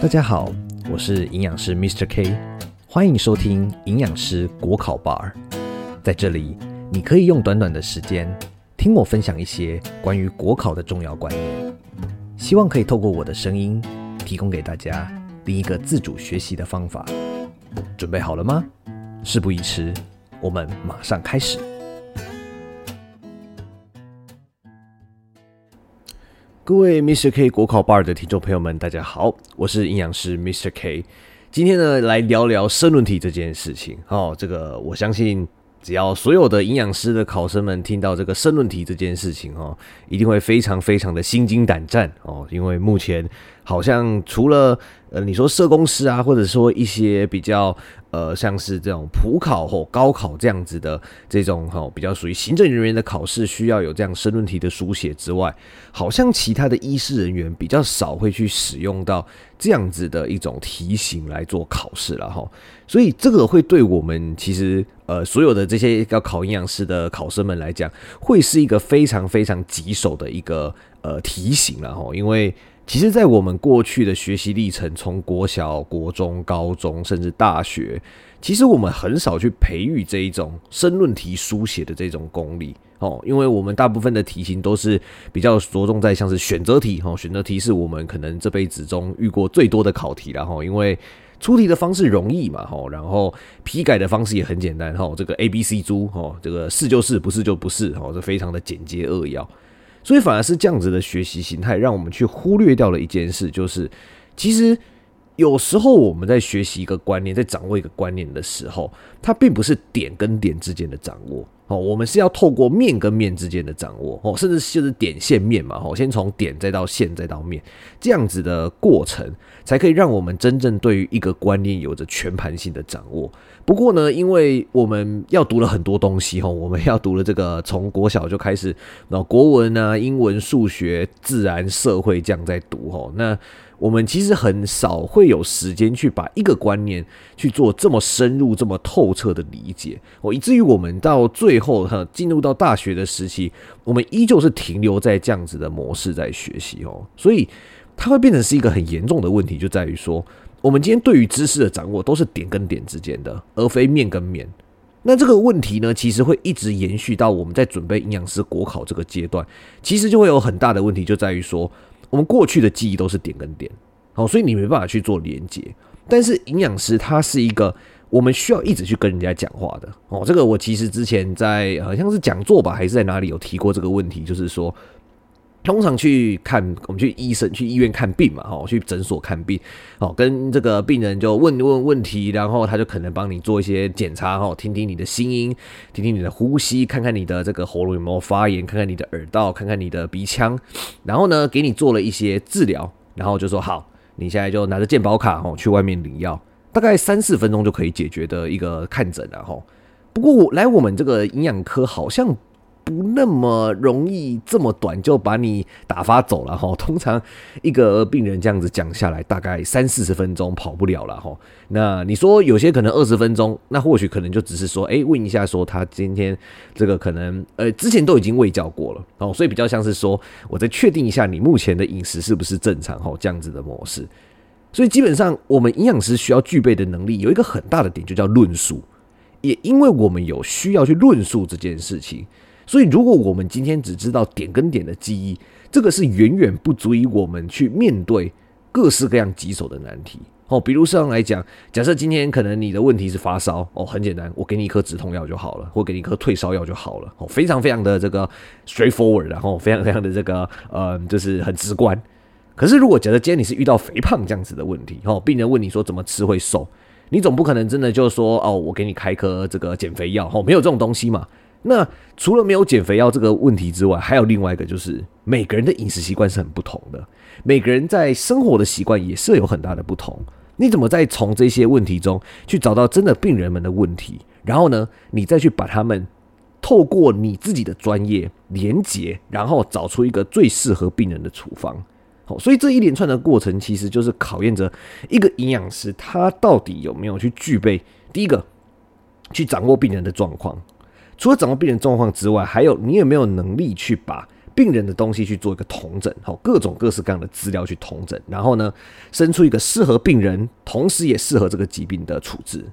大家好，我是營養師 Mr. K，歡迎收聽營養師國考 bar。在這裡，你可以用短短的時間聽我分享一些關於國考的重要觀念，希望可以透過我的聲音，提供給大家另一個自主學習的方法。準備好了嗎？事不宜遲，我們馬上開始。各位 Mister K 國考 bar 的聽眾朋友們，大家好，我是營養師 Mister K，今天呢，來聊聊申論題這件事情哦，這個我相信。只要所有的營養師的考生們聽到這個申論題這件事情哦，一定會非常非常的心驚膽戰哦，因為目前好像除了呃，你說社工師啊，或者說一些比較呃，像是這種普考、或高考這樣子的這種吼，比較屬於行政人員的考試，需要有這樣申論題的書寫之外，好像其他的醫事人員比較少會去使用到這樣子的一種題型來做考試了哈，所以這個會對我們其實。呃，所有的這些要考營養師的考生們來講，會是一個非常非常棘手的一個呃題型了哈。因為其實，在我們過去的學習歷程，從國小、國中、高中，甚至大學，其實我們很少去培育這一種申論題書寫的這種功力哦。因為我們大部分的題型都是比較着重在像是選擇題哈。選擇題是我們可能這輩子中遇過最多的考題了哈。因為出題的方式容易嘛，吼，然後批改的方式也很簡單，吼，這個 A、B、C 豬，吼，這個是就是，不是就不是，吼，這非常的簡潔扼要，所以反而是這樣子的學習形態，讓我們去忽略掉了一件事，就是其實。有時候我們在學習一個觀念，在掌握一個觀念的時候，它並不是點跟點之間的掌握哦，我們是要透過面跟面之間的掌握哦，甚至就是點線面嘛哦，先從點再到線再到面這樣子的過程，才可以讓我們真正對於一個觀念有着全盤性的掌握。不過呢，因為我們要讀了很多東西哦，我們要讀了這個從國小就開始，國文啊、英文、數學、自然、社會這樣在讀哦，那。我們其實很少會有時間去把一個觀念去做這麼深入、這麼透徹的理解，哦，以至於我們到最後哈，進入到大學的時期，我們依舊是停留在這樣子的模式在學習哦，所以它會變成是一個很嚴重的問題，就在於說，我們今天對於知識的掌握都是點跟點之間的，而非面跟面。那這個問題呢，其實會一直延續到我們在準備營養師國考這個階段，其實就會有很大的問題，就在於說。我們過去的記憶都是點跟點，哦，所以你沒辦法去做連結。但是營養師他是一個，我們需要一直去跟人家講話的。哦，這個我其實之前在好像是講座吧，還是在哪裡有提過這個問題，就是說。通常去看，我們去醫生、去醫院看病嘛，我去診所看病，跟這個病人就問問問題，然後他就可能幫你做一些檢查，聽聽你的心音，聽聽你的呼吸，看看你的這個喉嚨有沒有發炎，看看你的耳道，看看你的鼻腔，然後呢，給你做了一些治療，然後就說好，你現在就拿着健保卡，去外面領藥，大概三四分鐘就可以解決的一個看診，然後，不過我來我們這個營養科好像。不那麼容易，這麼短就把你打發走了吼，通常一個病人這樣子講下來，大概三四十分鐘跑不了了吼，那你說有些可能二十分鐘，那或許可能就只是說，欸，問一下說他今天這個可能呃，之前都已經衛教過了吼，所以比較像是說，我再確定一下你目前的飲食是不是正常吼，這樣子的模式。所以基本上我們營養師需要具備的能力有一個很大的點，就叫論述。也因為我們有需要去論述這件事情。所以，如果我們今天只知道點跟點的記憶，這個是遠遠不足以我們去面對各式各樣棘手的難題哦。比如上來講，假設今天可能你的問題是發燒哦，很簡單，我給你一顆止痛藥就好了，或給你一顆退燒藥就好了哦，非常非常的這個 straightforward，然後、哦、非常非常的這個嗯，就是很直觀。可是，如果假設今天你是遇到肥胖這樣子的問題哦，病人問你說怎麼吃會瘦，你總不可能真的就說哦，我給你開一顆這個減肥藥哦，沒有這種東西嘛。那除了沒有減肥藥這個問題之外，還有另外一個，就是每個人的飲食習慣是很不同的，每個人在生活的習慣也是有很大的不同。你怎麼再從這些問題中去找到真的病人們的問題，然後呢，你再去把他們透過你自己的專業連接，然後找出一個最適合病人的處方。好，所以這一連串的過程，其實就是考驗着一個營養師他到底有沒有去具備，第一個去掌握病人的狀況。除了掌握病人狀況之外，還有你有沒有能力去把病人的東西去做一個統整？吼，各種各式各樣的資料去統整。然後呢，生出一個適合病人，同時也適合這個疾病的處置。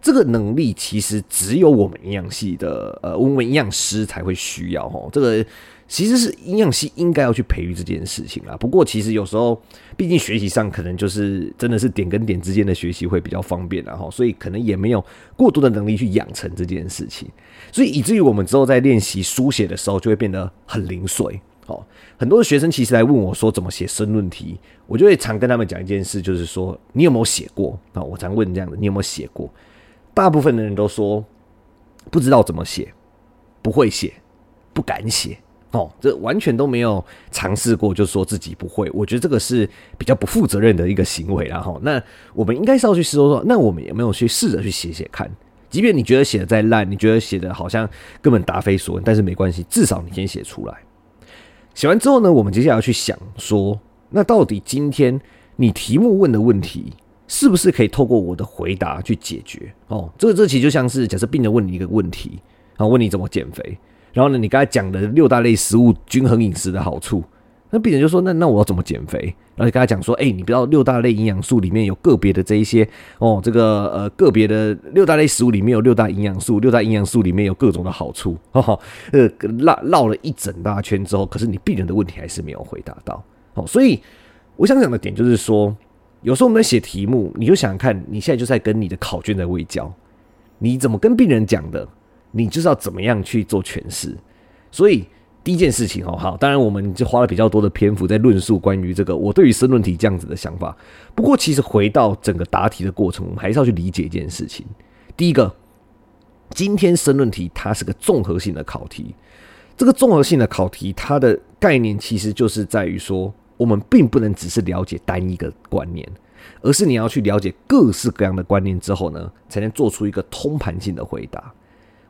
這個能力其實只有我們營養系的，呃，我們營養師才會需要。吼，這個。其實是營養系應該要去培育這件事情啦。不過其實有時候，畢竟學習上可能就是真的是點跟點之間的學習會比較方便啦哈，所以可能也沒有過多的能力去養成這件事情，所以以至於我們之後在練習書寫的時候就會變得很零碎。好，很多的學生其實來問我說怎麼寫申論題，我就會常跟他們講一件事，就是說你有沒有寫過？啊，我常問這樣的，你有沒有寫過？大部分的人都說不知道怎麼寫，不會寫，不敢寫。哦，這完全都沒有嘗試過，就是、說自己不會，我覺得這個是比較不負責任的一個行為。然後那我們應該是要去試說說，那我們有沒有去試着去寫寫看？即便你覺得寫的再爛，你覺得寫的好像根本答非所問，但是沒關係，至少你先寫出來。寫完之後呢，我們接下來要去想說，那到底今天你題目問的問題是不是可以透過我的回答去解決？哦，這個這其實就像是假設病人問你一個問題，然後問你怎麼減肥。然後呢，你剛才講的六大類食物均衡飲食的好處，那病人就說：“那那我要怎麼減肥？”然後你跟他講說：“哎，你不知道六大類營養素裡面有個別的這一些哦，這個呃個別的六大類食物裡面有六大營養素，六大營養素裡面有各種的好處。”哈哈，呃，繞繞了一整大圈之後，可是你病人的問題還是沒有回答到。哦，所以我想講的點就是說，有時候我們在寫題目，你就想看，你現在就在跟你的考卷在衛教，你怎麼跟病人講的？你就知道怎麼樣去做詮釋。所以第一件事情哦，好，當然我們就花了比較多的篇幅在論述關於這個我對於申論題這樣子的想法。不過，其實回到整個答題的過程，我們還是要去理解一件事情。第一個，今天申論題它是個綜合性的考題。這個綜合性的考題，它的概念其實就是在於說，我們並不能只是了解單一一個觀念，而是你要去了解各式各樣的觀念之後呢，才能做出一個通盤性的回答。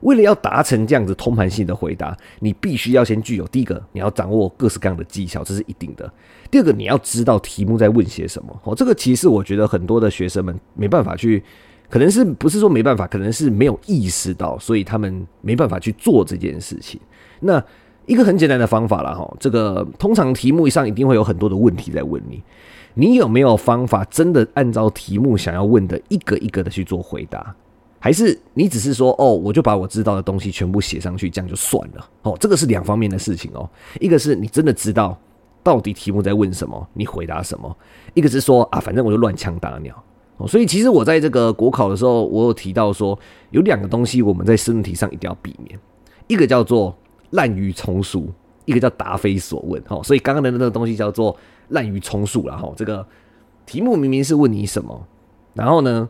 為了要達成這樣子通盤性的回答，你必須要先具有第一個，你要掌握各式各樣的技巧，這是一定的。第二個，你要知道題目在問些什麼。哦，這個其實我覺得很多的學生們沒辦法去，可能是不是說沒辦法，可能是沒有意識到，所以他們沒辦法去做這件事情。那一個很簡單的方法啦，這個通常題目上一定會有很多的問題在問你，你有沒有方法真的按照題目想要問的一個一個的去做回答？還是你只是說哦，我就把我知道的東西全部寫上去，這樣就算了。哦，這個是兩方面的事情哦。一個是你真的知道到底題目在問什麼，你回答什麼；一個是說啊，反正我就亂槍打鳥。哦，所以其實我在這個國考的時候，我有提到說，有兩個東西我們在申論題上一定要避免，一個叫做濫竽充數，一個叫答非所問。哦，所以剛剛的那個東西叫做濫竽充數了哈。這個題目明明是問你什麼，然後呢，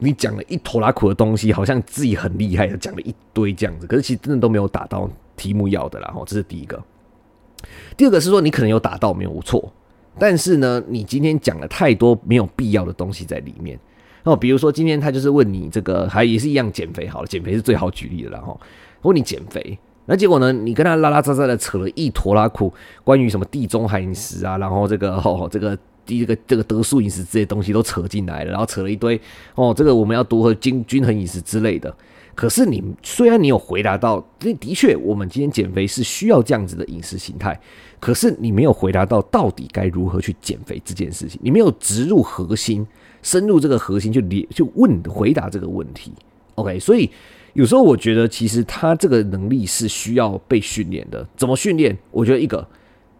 你講了一拖拉庫的東西，好像自己很厲害的，講了一堆這樣子，可是其實真的都沒有打到題目要的啦。然後這是第一個。第二個是說，你可能有打到，沒有錯，但是呢，你今天講了太多沒有必要的東西在裡面。哦，比如說今天他就是問你這個，還也是一樣減肥好了，減肥是最好舉例的。然後問你減肥，那結果呢，你跟他拉拉雜雜的扯了一拖拉庫，關於什麼地中海飲食啊，然後這個哦這個。第一個，這個德素飲食這些東西都扯進來了，然後扯了一堆哦，這個我們要多喝均均衡飲食之類的。可是你雖然你有回答到，這的，的確我們今天減肥是需要這樣子的飲食形態，可是你沒有回答到到底該如何去減肥這件事情，你沒有植入核心，深入這個核心就連就問回答這個問題。OK，所以有時候我覺得其實他這個能力是需要被訓練的。怎麼訓練？我覺得一個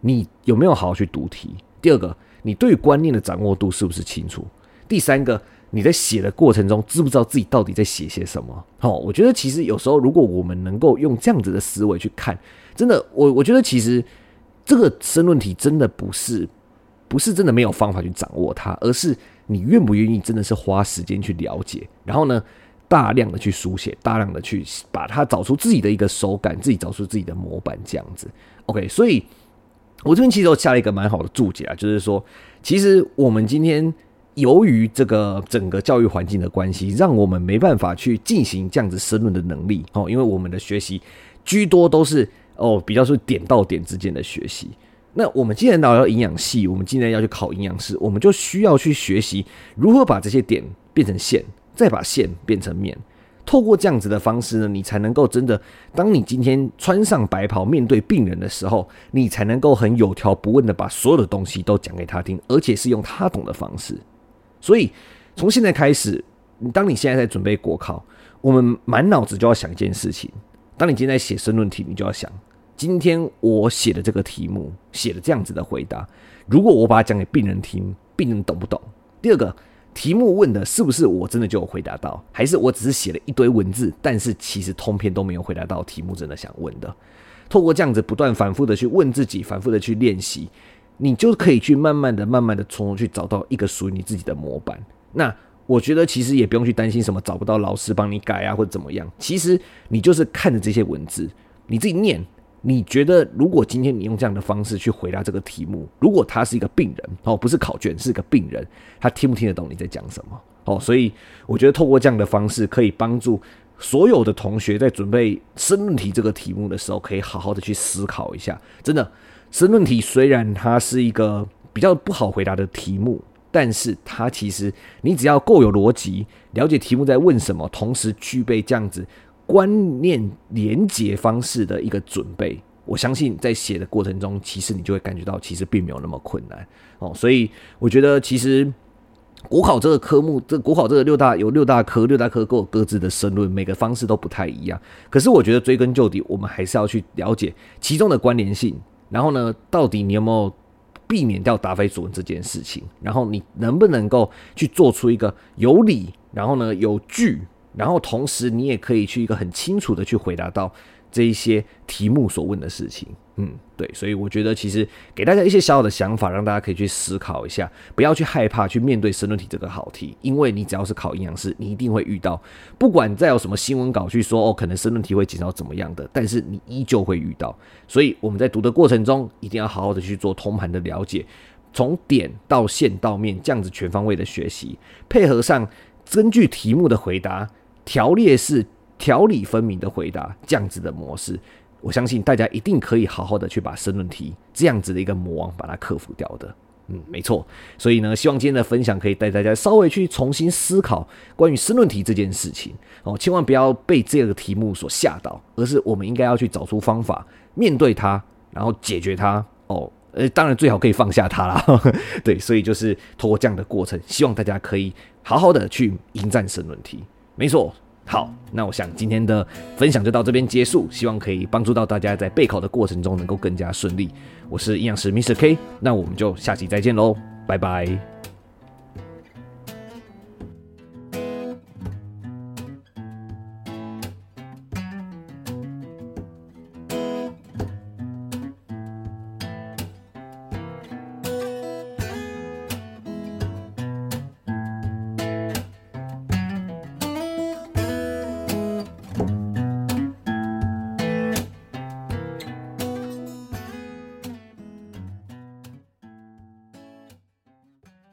你有沒有好好去讀題，第二個。你對於觀念的掌握度是不是清楚？第三個，你在寫的過程中，知不知道自己到底在寫些什麼？好、哦，我覺得其實有時候，如果我們能夠用這樣子的思維去看，真的，我我覺得其實這個申論題真的不是不是真的沒有方法去掌握它，而是你願不願意真的是花時間去了解，然後呢，大量的去書寫，大量的去把它找出自己的一個手感，自己找出自己的模板，這樣子。OK，所以。我這邊其實有下了一個蠻好的注解啊，就是說，其實我們今天由於這個整個教育環境的關係，讓我們沒辦法去進行這樣子申論的能力哦，因為我們的學習居多都是哦比較是點到點之間的學習。那我們既然來到營養系，我們既然要去考營養師，我們就需要去學習如何把這些點變成線，再把線變成面。透過這樣子的方式呢，你才能夠真的，當你今天穿上白袍面對病人的時候，你才能夠很有條不紊的把所有的東西都講給他聽，而且是用他懂的方式。所以從現在開始，當你現在在準備國考，我們滿腦子就要想一件事情：當你今天在寫申論題，你就要想，今天我寫的這個題目，寫了這樣子的回答，如果我把它講給病人聽，病人懂不懂？第二個。題目問的是不是我真的就有回答到，還是我只是寫了一堆文字，但是其實通篇都沒有回答到題目真的想問的。透過這樣子不斷反覆的去問自己，反覆的去練習，你就可以去慢慢的、慢慢的從中去找到一個屬於你自己的模板。那我覺得其實也不用去擔心什麼找不到老師幫你改啊，或者怎麼樣。其實你就是看着這些文字，你自己念。你覺得，如果今天你用這樣的方式去回答這個題目，如果他是一個病人哦，不是考卷，是一個病人，他聽不聽得懂你在講什麼？哦，所以我覺得透過這樣的方式，可以幫助所有的同學在準備申論題這個題目的時候，可以好好的去思考一下。真的，申論題雖然它是一個比較不好回答的題目，但是它其實你只要夠有邏輯，了解題目在問什麼，同時具備這樣子。觀念連接方式的一個準備，我相信在寫的過程中，其實你就會感覺到，其實並沒有那麼困難哦。所以我覺得，其實國考這個科目，這國考這個六大有六大科，六大科各有各自的申論，每個方式都不太一樣。可是我覺得追根究底，我們還是要去了解其中的關聯性，然後呢，到底你有沒有避免掉答非所問這件事情，然後你能不能夠去做出一個有理，然後呢，有據。然後同時，你也可以去一個很清楚的去回答到這一些題目所問的事情。嗯，對，所以我覺得其實給大家一些小小的想法，讓大家可以去思考一下，不要去害怕去面對申論題這個好題，因為你只要是考營養師，你一定會遇到。不管再有什麼新聞稿去說哦，可能申論題會減少怎麼樣的，但是你依舊會遇到。所以我們在讀的過程中，一定要好好的去做通盤的了解，從點到線到面，這樣子全方位的學習，配合上根據題目的回答，條列式、條理分明的回答，這樣子的模式，我相信大家一定可以好好的去把申論題這樣子的一個魔王把它克服掉的。嗯，沒錯。所以呢，希望今天的分享可以帶大家稍微去重新思考關於申論題這件事情哦，千萬不要被這個題目所嚇到，而是我們應該要去找出方法面對它，然後解決它哦。呃，當然最好可以放下它啦。 對，所以就是通過這樣的過程，希望大家可以好好的去迎戰申論題。沒錯，好，那我想今天的分享就到這邊結束，希望可以幫助到大家在備考的過程中能夠更加順利。我是營養師 Mr. K，那我們就下期再見嘍，拜拜。